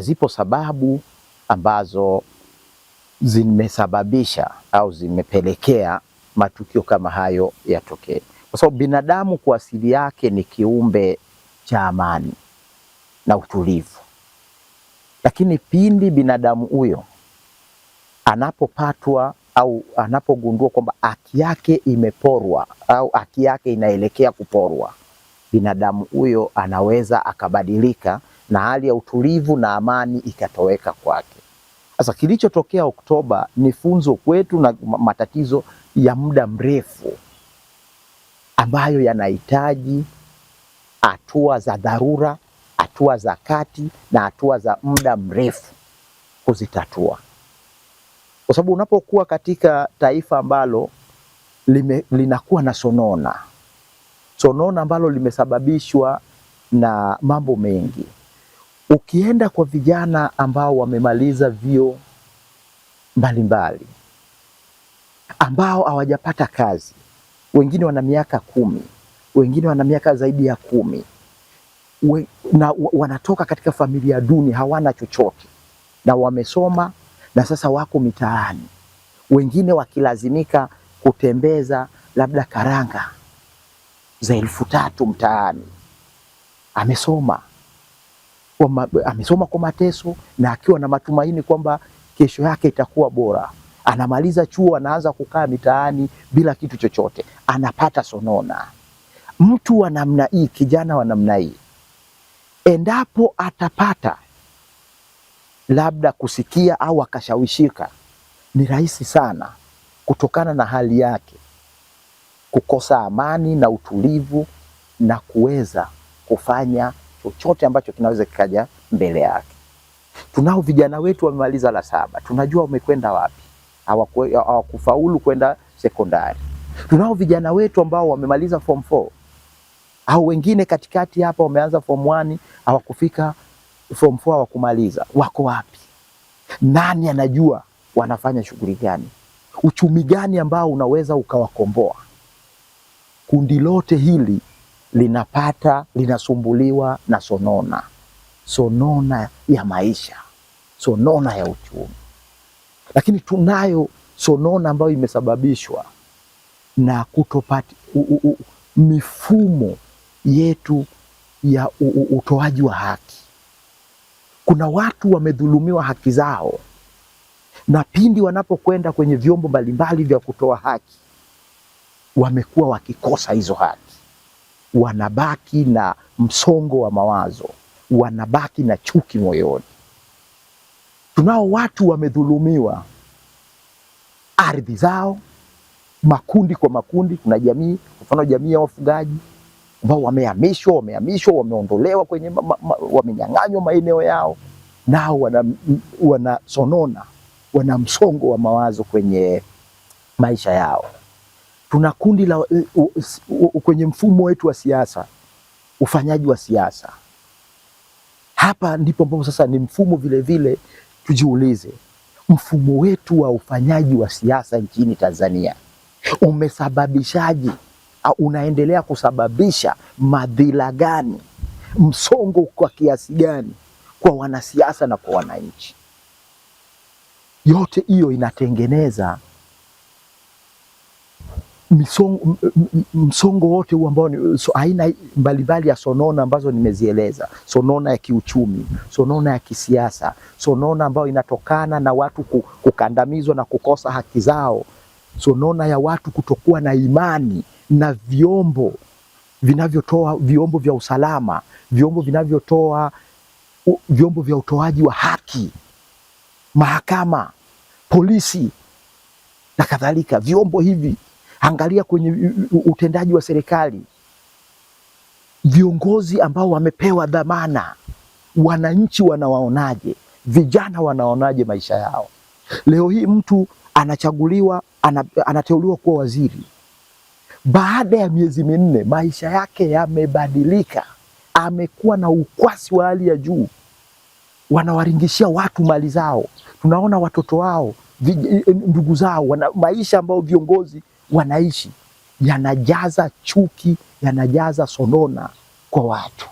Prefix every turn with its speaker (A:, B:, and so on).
A: zipo sababu ambazo zimesababisha au zimepelekea matukio kama hayo yatokee, kwa sababu binadamu kwa asili yake ni kiumbe cha amani na utulivu, lakini pindi binadamu huyo anapopatwa au anapogundua kwamba haki yake imeporwa au haki yake inaelekea kuporwa, binadamu huyo anaweza akabadilika na hali ya utulivu na amani ikatoweka kwake. Sasa kilichotokea Oktoba ni funzo kwetu na matatizo ya muda mrefu ambayo yanahitaji hatua za dharura, hatua za kati na hatua za muda mrefu kuzitatua, kwa sababu unapokuwa katika taifa ambalo lime, linakuwa na sonona sonona ambalo limesababishwa na mambo mengi Ukienda kwa vijana ambao wamemaliza vyuo mbalimbali ambao hawajapata kazi, wengine wana miaka kumi, wengine wana miaka zaidi ya kumi we, na wanatoka katika familia duni, hawana chochote na wamesoma na sasa wako mitaani, wengine wakilazimika kutembeza labda karanga za elfu tatu mtaani, amesoma amesoma kwa mateso na akiwa na matumaini kwamba kesho yake itakuwa bora. Anamaliza chuo, anaanza kukaa mitaani bila kitu chochote, anapata sonona. Mtu wa namna hii, kijana wa namna hii, endapo atapata labda kusikia au akashawishika, ni rahisi sana kutokana na hali yake kukosa amani na utulivu na kuweza kufanya chochote ambacho kinaweza kikaja mbele yake. Tunao vijana wetu wamemaliza la saba, tunajua wamekwenda wapi, hawakufaulu kwenda sekondari. Tunao vijana wetu ambao wamemaliza form 4 au wengine katikati hapa wameanza form 1 hawakufika form 4 hawakumaliza, wako wapi? Nani anajua wanafanya shughuli gani? Uchumi gani ambao unaweza ukawakomboa? Kundi lote hili linapata linasumbuliwa na sonona, sonona ya maisha, sonona ya uchumi. Lakini tunayo sonona ambayo imesababishwa na kutopati u, u, u, mifumo yetu ya u, u, utoaji wa haki. Kuna watu wamedhulumiwa haki zao, na pindi wanapokwenda kwenye vyombo mbalimbali vya kutoa haki wamekuwa wakikosa hizo haki wanabaki na msongo wa mawazo, wanabaki na chuki moyoni. Tunao watu wamedhulumiwa ardhi zao, makundi kwa makundi. Kuna jamii, kwa mfano jamii ya wafugaji ambao wamehamishwa, wamehamishwa, wameondolewa kwenye, wamenyang'anywa maeneo yao, nao wanasonona, wana, wana msongo wa mawazo kwenye maisha yao tuna kundi la eh, kwenye mfumo wetu wa siasa, ufanyaji wa siasa. Hapa ndipo ambapo sasa ni mfumo vilevile, tujiulize mfumo wetu wa ufanyaji wa siasa nchini Tanzania umesababishaje au unaendelea kusababisha madhila gani, msongo kwa kiasi gani kwa wanasiasa na kwa wananchi. Yote hiyo inatengeneza msongo wote huu ambao ni so, aina mbalimbali ya sonona ambazo nimezieleza, sonona ya kiuchumi, sonona ya kisiasa, sonona ambayo inatokana na watu kukandamizwa na kukosa haki zao, sonona ya watu kutokuwa na imani na vyombo vinavyotoa vyombo vya usalama, vyombo vinavyotoa vyombo vya utoaji wa haki, mahakama, polisi na kadhalika, vyombo hivi Angalia kwenye utendaji wa serikali, viongozi ambao wamepewa dhamana, wananchi wanawaonaje? Vijana wanaonaje maisha yao? Leo hii mtu anachaguliwa, anateuliwa kuwa waziri, baada ya miezi minne maisha yake yamebadilika, amekuwa na ukwasi wa hali ya juu, wanawaringishia watu mali zao, tunaona watoto wao, eh, ndugu zao, wana maisha ambayo viongozi wanaishi yanajaza chuki, yanajaza sonona kwa watu.